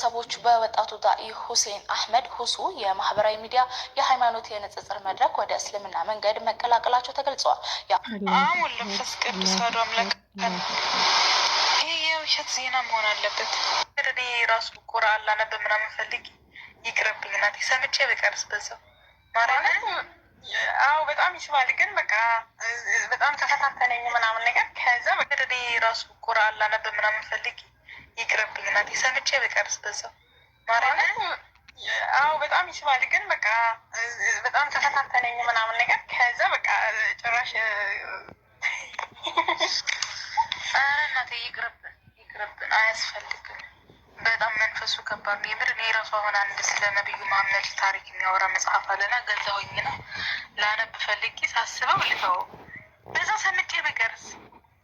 ግለሰቦች በወጣቱ ዳኢ ሁሴን አህመድ ሁሱ የማህበራዊ ሚዲያ የሃይማኖት የንጽጽር መድረክ ወደ እስልምና መንገድ መቀላቀላቸው ተገልጸዋል። ወለንፈስ ቅዱስ ባዶ አምላክ ይህ የውሸት ዜና መሆን አለበት። እኔ ራሱ ቁርአን ላነብብ ምናምን ፈልግ ይቅርብኝ እናቴ፣ ሰምቼ በቀርስ በዛው ማርያምን። አዎ በጣም ይስባል፣ ግን በቃ በጣም ተፈታተነኝ ምናምን ነገር ከዛ በቃ እኔ ራሱ ቁርአን ላነብብ ምናምን ፈልግ ይቅርብኝ እናቴ። ሰምቼ በቀርስ በዛው ማርያምን። አዎ በጣም ይስባል፣ ግን በቃ በጣም ተፈታተነኝ ምናምን ነገር ከዛ በቃ ጭራሽ እናቴ ይቅርብን፣ ይቅርብን፣ አያስፈልግም። በጣም መንፈሱ ከባድ ነው የምር። እኔ ራሱ አሁን አንድ ስለ ነቢዩ መሐመድ ታሪክ የሚያወራ መጽሐፍ አለና ገዛውኝ ነው ላነብ ፈልጌ ሳስበው ልተው በዛ ሰምቼ ብቀርስ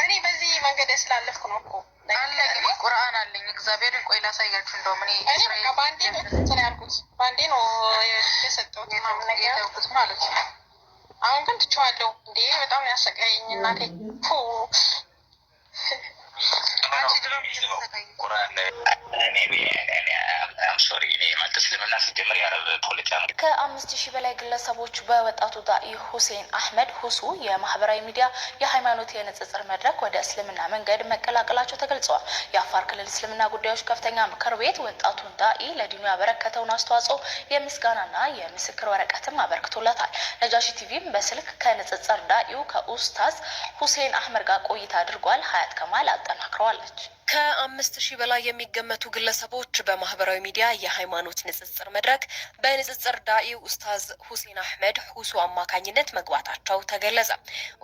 እኔ በዚህ መንገድ ስላለፍኩ ነው እኮ አለ ቁርአን አለኝ። እግዚአብሔርን ቆይ ላሳያችሁ። እንደውም እኔ በአንዴ ነው ያልኩት፣ በአንዴ ነው የሰጠሁት የተውኩት ማለት ነው። አሁን ግን ትችዋለሁ። እንዴ በጣም ያሰቃየኝ እናቴ ከአምስት ሺህ በላይ ግለሰቦች በወጣቱ ዳኢ ሁሴን አህመድ ሁሱ የማህበራዊ ሚዲያ የሃይማኖት የንጽጽር መድረክ ወደ እስልምና መንገድ መቀላቀላቸው ተገልጸዋል። የአፋር ክልል እስልምና ጉዳዮች ከፍተኛ ምክር ቤት ወጣቱን ዳኢ ለዲኑ ያበረከተውን አስተዋጽኦ የምስጋናና የምስክር ወረቀትም አበርክቶለታል። ነጃሺ ቲቪም በስልክ ከንጽጽር ዳኢው ከኡስታዝ ሁሴን አህመድ ጋር ቆይታ አድርጓል። ሀያት ከማል አጠናክረዋል። ነበረች። ከአምስት ሺህ በላይ የሚገመቱ ግለሰቦች በማህበራዊ ሚዲያ የሃይማኖት ንጽጽር መድረክ በንጽጽር ዳኢ ኡስታዝ ሁሴን አህመድ ሁሱ አማካኝነት መግባታቸው ተገለጸ።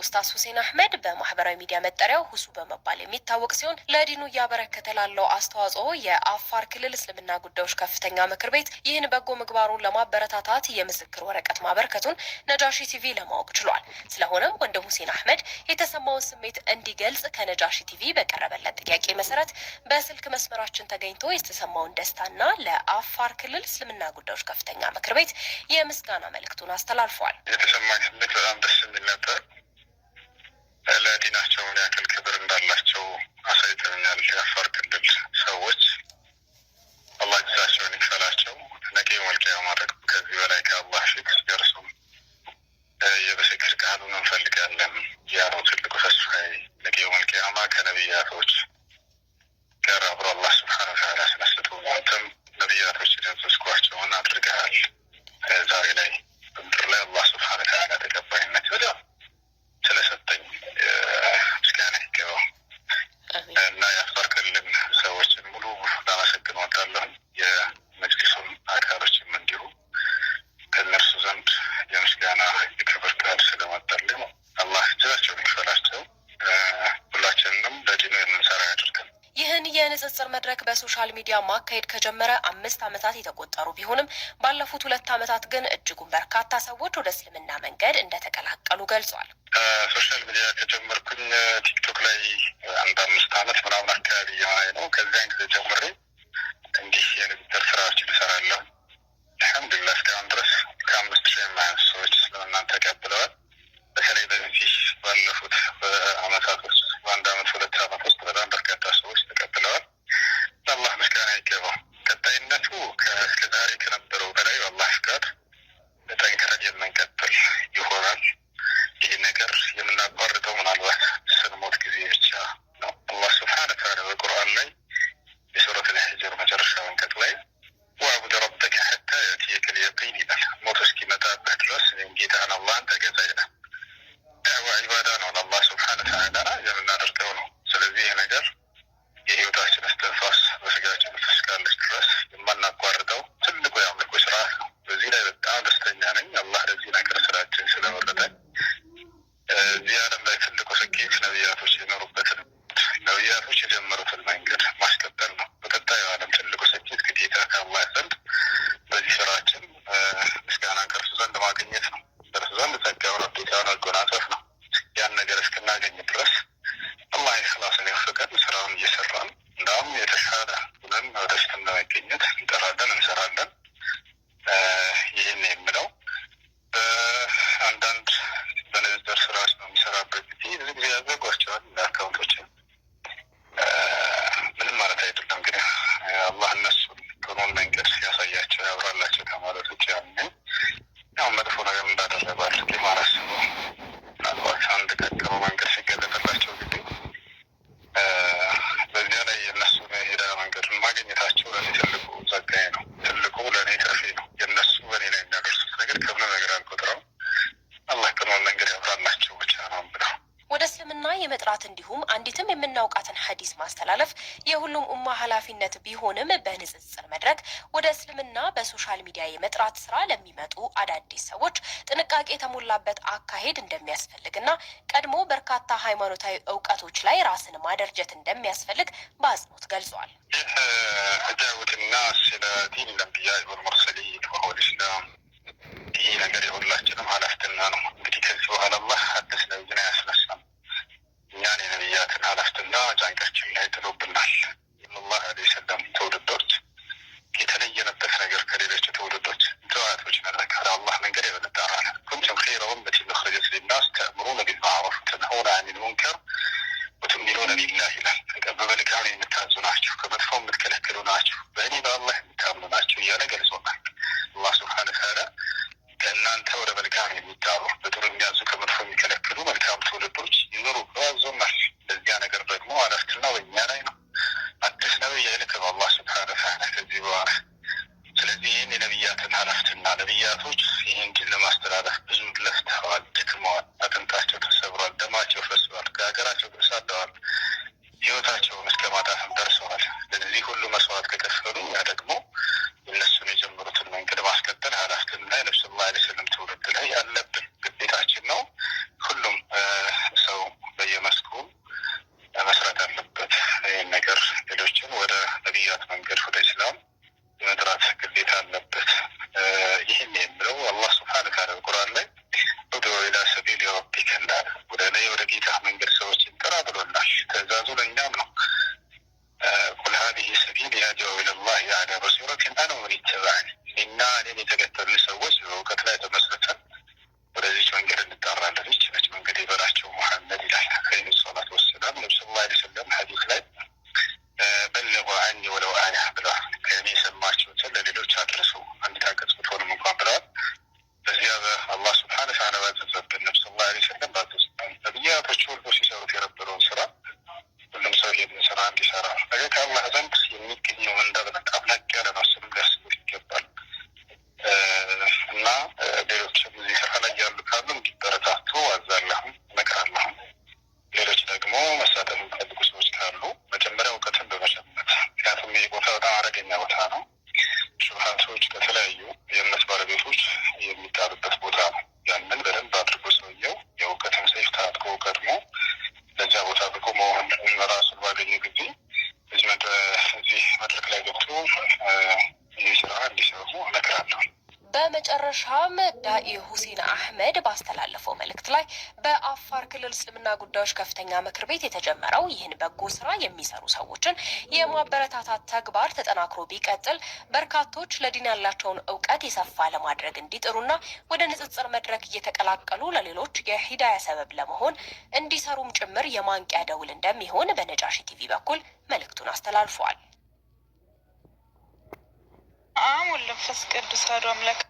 ኡስታዝ ሁሴን አህመድ በማህበራዊ ሚዲያ መጠሪያው ሁሱ በመባል የሚታወቅ ሲሆን ለዲኑ እያበረከተ ላለው አስተዋጽኦ የአፋር ክልል እስልምና ጉዳዮች ከፍተኛ ምክር ቤት ይህን በጎ ምግባሩን ለማበረታታት የምስክር ወረቀት ማበረከቱን ነጃሺ ቲቪ ለማወቅ ችሏል። ስለሆነም ወንድም ሁሴን አህመድ የተሰማውን ስሜት እንዲገልጽ ከነጃሺ ቲቪ በቀረበለት ጥያቄ መሰ መሰረት በስልክ መስመራችን ተገኝቶ የተሰማውን ደስታና ለአፋር ክልል እስልምና ጉዳዮች ከፍተኛ ምክር ቤት የምስጋና መልእክቱን አስተላልፏል። የተሰማኝ ስሜት በጣም ደስ የሚል ነበር። ለዲናቸው ምን ያክል ክብር እንዳላቸው አሳይተኛል። የአፋር ክልል ሰዎች አላህ ጊዜያቸውን ይክፈላቸው። ነቄ መልቀያ ማድረግ ከዚህ በላይ ከአላህ ፊት ደርሱም የምስክር ቃሉን እንፈልጋለን። ያ ነው ትልቁ ተስፋዬ። ነቄ መልቀያማ ከነቢያቶች ጋር አብሮ አላህ ስብሓን ታላ ስነስቶ አንተም ነቢያቶች ያዘዝኳቸውን አድርገሃል። ዛሬ ላይ በምድር ላይ አላህ ስብሓን ታላ ተቀባይነት ይበላ በሶሻል ሚዲያ ማካሄድ ከጀመረ አምስት ዓመታት የተቆጠሩ ቢሆንም ባለፉት ሁለት ዓመታት ግን እጅጉን በርካታ ሰዎች ወደ እስልምና መንገድ እንደተቀላቀሉ ገልጿል። ሶሻል ሚዲያ ከጀመርኩኝ ቲክቶክ ላይ አንድ አምስት ዓመት ምናምን አካባቢ የሆነ ነው። ከዚያን ጊዜ ጀምሬ እንዲህ የንግግር ስራዎች እሰራለሁ። አልሐምዱሊላህ እስካሁን ድረስ ከአምስት ሺህ የማያንስ ሰዎች እስልምናን ተቀብለዋል። በተለይ በዚህ ባለፉት በአመታት ውስጥ በአንድ አመት ሁለት አመት ውስጥ በጣም በርካታ ሰዎች ተቀብለዋል። ለአላህ ምስጋና ይገባው። ቀጣይነቱ ከእስከዛሬ ከነበረው በላይ በአላህ ፍቃድ በጠንክረን የምንቀጥ ziada ማስተላለፍ የሁሉም ኡማ ኃላፊነት ቢሆንም በንጽጽር መድረክ ወደ እስልምና በሶሻል ሚዲያ የመጥራት ስራ ለሚመጡ አዳዲስ ሰዎች ጥንቃቄ የተሞላበት አካሄድ እንደሚያስፈልግና ቀድሞ በርካታ ሃይማኖታዊ እውቀቶች ላይ ራስን ማደርጀት እንደሚያስፈልግ በአጽንኦት ገልጿል። ይህ ስለ ዲን ለንብያ ወልሙርሰሊን ወሆል ኢስላም ይህ ነገር የሁላችንም ኃላፊነት ነው። እንግዲህ ከዚህ በኋላ አላህ አዲስ ነብይን አያስነሳም። እኛን የነቢያትን ኃላፍትና ጫንቃችን ላይ ጥሎብናል። ሰለላሁ ዐለይሂ ወሰለም ትውልዱ ይህን የነቢያትን አረፍትና ነብያቶች ይህን ድል ለማስተላለፍ ብዙ ለፍተዋል፣ ደክመዋል፣ አጥንታቸው ተሰብሯል፣ ደማቸው ፈስሏል፣ ከሀገራቸው ተሳደዋል፣ ህይወታቸውን እስከ ማጣትም ደርሰዋል። ለዚህ ሁሉ መስዋዕት ከከፈሉ ያ ደግሞ ነብ ስላ ሰለም በአብያ አቶች ወልዶ ሲሰሩት የነበረውን ስራ ሁሉም ሰው ይሄንን ስራ እንዲሰራ ነገር ከአላህ ዘንድ የሚገኘው እንዳ በጣም ያለ ነው። እሱንም ሊያስቡት ይገባል እና ሌሎችም እዚህ ስራ ላይ ያሉ ካሉ በራሱ ባገኘ ጊዜ እዚህ መድረክ ላይ ገብቶ ይህ ስራ እንዲሰሩ እመክራለሁ። በመጨረሻም ዳኢ ሁሴን አህመድ ባስተላለፈው መልእክት ላይ በአፋር ክልል እስልምና ጉዳዮች ከፍተኛ ምክር ቤት የተጀመረው ይህን በጎ ስራ የሚሰሩ ሰዎችን የማበረታታት ተግባር ተጠናክሮ ቢቀጥል በርካቶች ለዲን ያላቸውን እውቀት የሰፋ ለማድረግ እንዲጥሩና ወደ ንጽጽር መድረክ እየተቀላቀሉ ለሌሎች የሂዳያ ሰበብ ለመሆን እንዲሰሩም ጭምር የማንቂያ ደውል እንደሚሆን በነጃሺ ቲቪ በኩል መልእክቱን አስተላልፏል። አሁን ወለንፈስ ቅዱስ አሐዱ አምላክ።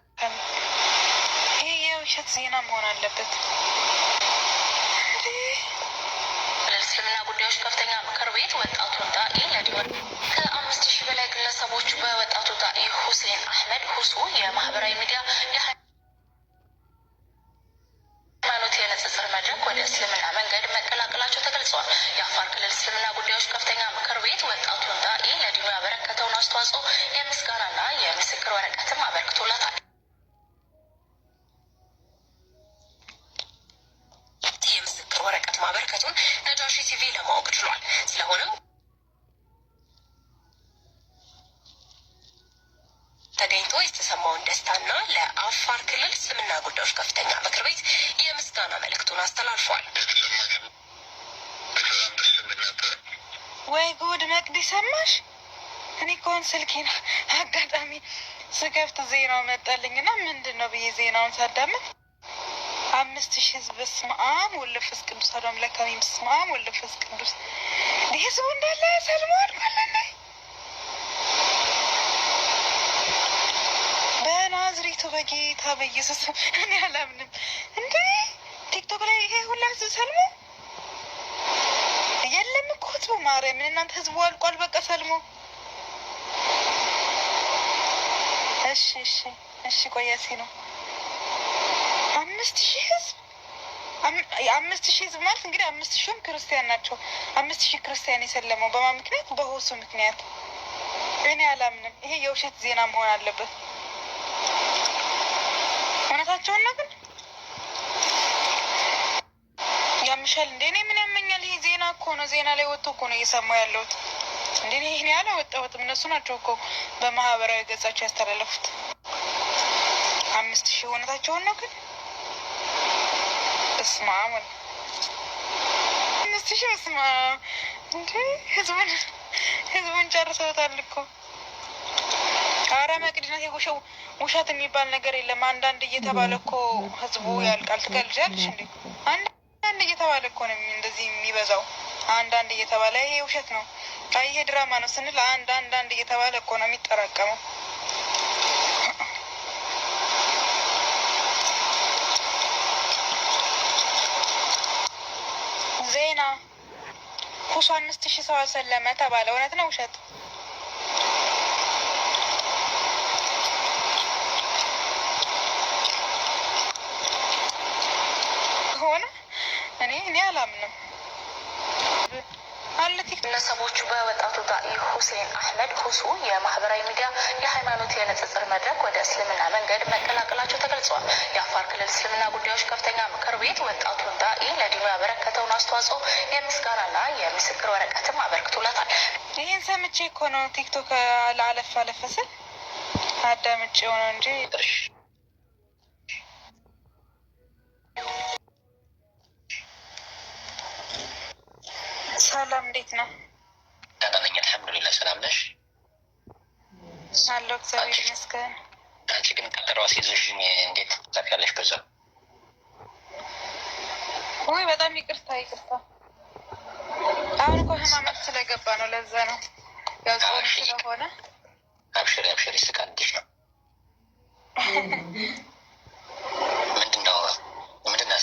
ይህ የውሸት ዜና መሆን አለበት። እስልምና ጉዳዮች ከፍተኛ ምክር ቤት ወጣቱ ዳኢ ለዲሆን ከአምስት ሺህ በላይ ግለሰቦች በወጣቱ ዳኢ ሁሴን አህመድ ሁሱ የማህበራዊ ሚዲያ የሃይማኖት የንጽጽር መድረክ ወደ እስልምና መንገድ መቀላቀላቸው ተገልጿል። የአፋር ክልል እስልምና ጉዳዮች ከፍተኛ ምክር ቤት ወጣቱ ዳኢ ለዲሆን ያበረከተው አስተዋጽኦ የምስጋናና የምስክር ወረቀትም አበርክቶላታል። አጋጣሚ ስከፍት ዜናው መጣልኝ እና ምንድን ነው ብዬ ዜናውን ሳዳምጥ አምስት ሺ ህዝብ በስመ ወልፍስ ቅዱስ አዶ አምላክ አሜን። ወልፍስ ቅዱስ ህዝቡ እንዳለ ሰልሟል ማለት ነው። በናዝሬቱ በጌታ በኢየሱስ እኔ አላምንም እንደ ቲክቶክ ላይ ይሄ ሁላ ህዝብ ሰልሞ የለም እኮ ህዝቡ ማርያምን እናንተ ህዝቡ አልቋል። በቃ ሰልሞ እሺ እሺ እሺ ቆየሴ ነው። አምስት ሺህ ህዝብ አምስት ሺህ ህዝብ ማለት እንግዲህ አምስት ሺህም ክርስቲያን ናቸው። አምስት ሺህ ክርስቲያን የሰለመው በማ ምክንያት? በሆሱ ምክንያት። እኔ አላምንም። ይሄ የውሸት ዜና መሆን አለበት። እውነታቸውን ነው ግን ያምሻል እንዴ? እኔ ምን ያመኛል? ይሄ ዜና እኮ ነው። ዜና ላይ ወጥቶ እኮ ነው እየሰማሁ ያለሁት። እንዴ ይህን ያህል አወጣሁትም። እነሱ ናቸው እኮ በማህበራዊ ገጻቸው ያስተላለፉት። አምስት ሺህ እውነታቸውን ነው ግን እስማ አምስት ሺህ እስማ እንደ ህዝቡን ህዝቡን ጨርሰውታል እኮ አረ መቅድነት የውሸው ውሸት የሚባል ነገር የለም። አንዳንድ እየተባለ እኮ ህዝቡ ያልቃል። ትገልጃለሽ እንዴ? አንዳንድ እየተባለ እኮ ነው እንደዚህ የሚበዛው። አንዳንድ እየተባለ ይሄ ውሸት ነው ይሄ ድራማ ነው ስንል አንድ አንድ አንድ እየተባለ እኮ ነው የሚጠራቀመው። ዜና ሁሱ አምስት ሺህ ሰው አሰለመ ተባለ። እውነት ነው ውሸት? ሆነ እኔ እኔ አላምንም። ግለሰቦቹ በወጣቱ ዳኢ ሁሴን አህመድ ሁሱ የማህበራዊ ሚዲያ የሃይማኖት የንጽጽር መድረክ ወደ እስልምና መንገድ መቀላቀላቸው ተገልጿል። የአፋር ክልል እስልምና ጉዳዮች ከፍተኛ ምክር ቤት ወጣቱን ዳኢ ለዲኑ ያበረከተውን አስተዋጽኦ የምስጋናና የምስክር ወረቀትም አበርክቶለታል። ይህን ሰምቼ እኮ ነው ቲክቶክ ለአለፍ አለፍ ስል አዳምጬ እንጂ ሰላም እንዴት ነው? ደህና ነኝ አልሐምዱሊላህ። ሰላም ነሽ? አለሁ እግዚአብሔር ይመስገን። አንቺ ግን ቀጠሮ አስይዘሽኝ እንዴት ታውቂያለሽ? በዛ ወይ በጣም ይቅርታ ይቅርታ። አሁን እኮ ህማማት ስለገባ ነው ለዛ ነው ያው ጾም ስለሆነ። አብሽሪ አብሽሪ፣ ስቃድሽ ነው ምንድነው? ምንድን ነው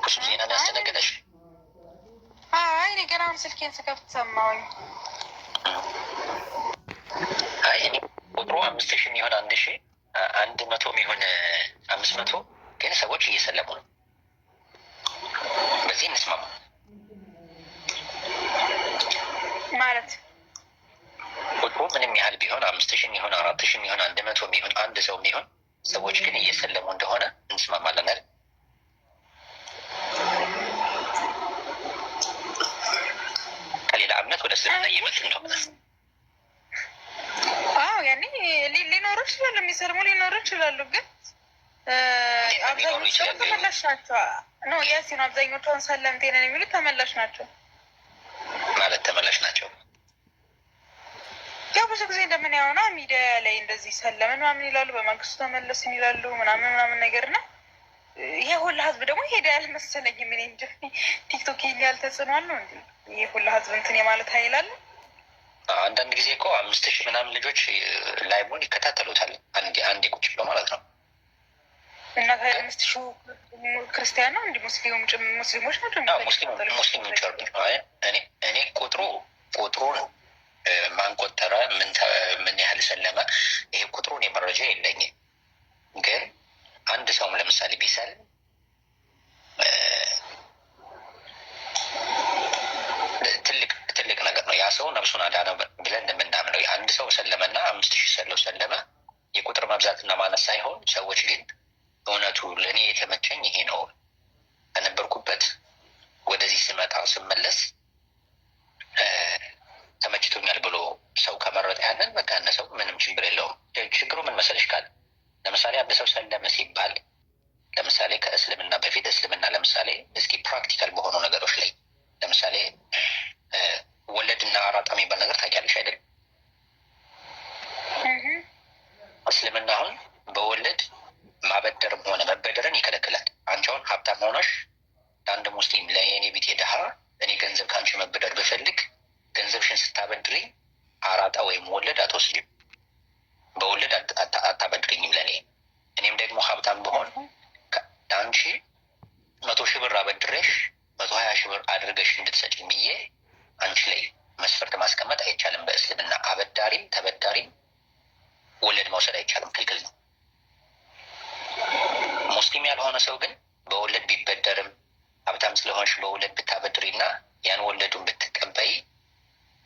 ትኩሱ ዜና ነው ያስተናገደሽ? አይ እኔ ገና አሁን ስልኬን ስከፍት ሰማሁኝ። አይ እኔ ቁጥሩ አምስት ሺህ የሚሆን አንድ ሺህ አንድ መቶ የሚሆን አምስት መቶ ግን ሰዎች እየሰለሙ ነው። በዚህ እንስማማ ማለት ቁጥሩ ምንም ያህል ቢሆን አምስት ሺህ የሚሆን አራት ሺህ የሚሆን አንድ መቶ የሚሆን አንድ ሰው የሚሆን ሰዎች ግን እየሰለሙ እንደሆነ እንስማማለን አይደል? ሌላ እምነት ወደ ስና እየመጡ ነው። አዎ ያኔ ሊኖሩ ይችላሉ፣ የሚሰልሙ ሊኖሩ ይችላሉ። ግን አብዛኞቹ ተመላሽ ናቸው። ኖ ያሲ ነው። አብዛኞቹን ሰለምቴነን የሚሉት ተመላሽ ናቸው ማለት ተመላሽ ናቸው። ያው ብዙ ጊዜ እንደምን ያሆና ሚዲያ ላይ እንደዚህ ሰለምን ምናምን ይላሉ፣ በማግስቱ ተመለስን ይላሉ ምናምን ምናምን ነገር ነው ይሄ ሁላ ህዝብ ደግሞ ሄደ ያልመሰለኝ ምን እንጂ ቲክቶክ ይሄን ያህል ተጽዕኗል ነው እንዲ ይሄ ሁላ ህዝብ እንትን የማለት ሀይል አንዳንድ ጊዜ እኮ አምስት ሺህ ምናምን ልጆች ላይቡን ይከታተሉታል። አንዴ አንድ ቁጭ ብሎ ማለት ነው። እና ከሀያ አምስት ሺህ ክርስቲያን ነው እንዲ ሙስሊም ሙስሊሞች ነው ሙስሊም ጨር እኔ ቁጥሩ ቁጥሩ ነው ማን ቆጠረ ምን ያህል ሰለመ ይሄ ቁጥሩ እኔ መረጃ የለኝም ለምሳሌ ቢሰልም ትልቅ ትልቅ ነገር ነው። ያ ሰው ነብሱን አዳነ ብለን እንደምናምነው አንድ ሰው ሰለመና አምስት ሺህ ሰለው ሰለመ የቁጥር መብዛትና ማነስ ሳይሆን ሰዎች ግን እውነቱ ለእኔ የተመቸኝ ይሄ ነው ከነበርኩበት ወደዚህ ስመጣ ስመለስ ተመችቶኛል ብሎ ሰው ከመረጠ ያንን በቃ ያነ ሰው ምንም ችግር የለውም። ችግሩ ምን መሰለሽ ካለ ለምሳሌ አንድ ሰው ሰለመ ሲባል ለምሳሌ ከእስልምና በፊት እስልምና ለምሳሌ እስኪ ፕራክቲካል በሆኑ ነገሮች ላይ ለምሳሌ ወለድና አራጣ የሚባል ነገር ታውቂያለሽ አይደል? እስልምና አሁን በወለድ ማበደርም ሆነ መበደርን ይከለክላል። አንቺ አሁን ሀብታም ሆነሽ ለአንድ ሙስሊም ለኔ ቤት ድሃ እኔ ገንዘብ ከአንቺ መበደር ብፈልግ ገንዘብሽን ስታበድሪ አራጣ ወይም ወለድ አትወስድም፣ በወለድ አታበድሪኝም ለእኔ እኔም ደግሞ ሀብታም በሆን አንቺ መቶ ሺህ ብር አበድረሽ መቶ ሀያ ሺህ ብር አድርገሽ እንድትሰጪኝ ብዬ አንቺ ላይ መስፈርት ማስቀመጥ አይቻልም። በእስልምና አበዳሪም ተበዳሪም ወለድ መውሰድ አይቻልም፣ ክልክል ነው። ሙስሊም ያልሆነ ሰው ግን በወለድ ቢበደርም ሀብታም ስለሆንሽ በወለድ ብታበድሪ ያን ወለዱን ብትቀበይ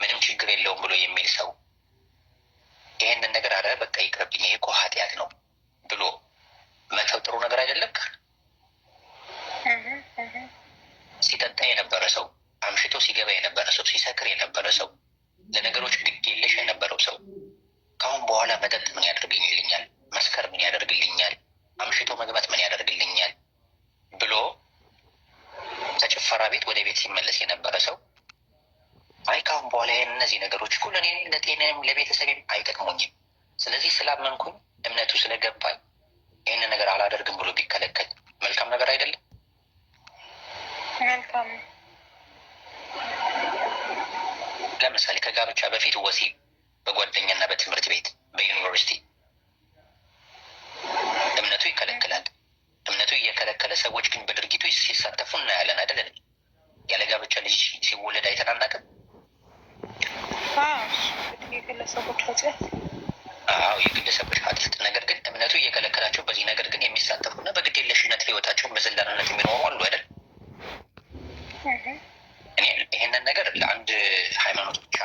ምንም ችግር የለውም ብሎ የሚል ሰው ይሄንን ነገር አረ በቃ ይቅርብኝ፣ ይሄ እኮ ኃጢአት ነው ብሎ መተው ጥሩ ነገር አይደለም። ሲጠጣ የነበረ ሰው፣ አምሽቶ ሲገባ የነበረ ሰው፣ ሲሰክር የነበረ ሰው፣ ለነገሮች ግድ የለሽ የነበረው ሰው ከአሁን በኋላ መጠጥ ምን ያደርግልኛል፣ መስከር ምን ያደርግልኛል፣ አምሽቶ መግባት ምን ያደርግልኛል ብሎ ተጭፈራ ቤት ወደ ቤት ሲመለስ የነበረ ሰው አይ ካሁን በኋላ እነዚህ ነገሮች እኮ ለእኔ ለጤናም ለቤተሰቤም አይጠቅሙኝም፣ ስለዚህ ስላመንኩኝ እምነቱ ስለገባኝ ይህን ነገር አላደርግም ብሎ ቢከለከል መልካም ነገር አይደለም። መልካም። ለምሳሌ ከጋብቻ በፊት ወሲ በጓደኛና በትምህርት ቤት በዩኒቨርሲቲ እምነቱ ይከለክላል። እምነቱ እየከለከለ ሰዎች ግን በድርጊቱ ሲሳተፉ እናያለን አይደለን? ያለ ጋብቻ ልጅ ሲወለድ አይተን አናውቅም። አዎ የግለሰቦች ኃጢአት። ነገር ግን እምነቱ እየከለከላቸው በዚህ ነገር ግን የሚሳተፉና በግድ የለሽነት ህይወታቸውን በዘላንነት የሚኖሩ አሉ አይደል? ይህንን ነገር ለአንድ ሃይማኖት ብቻ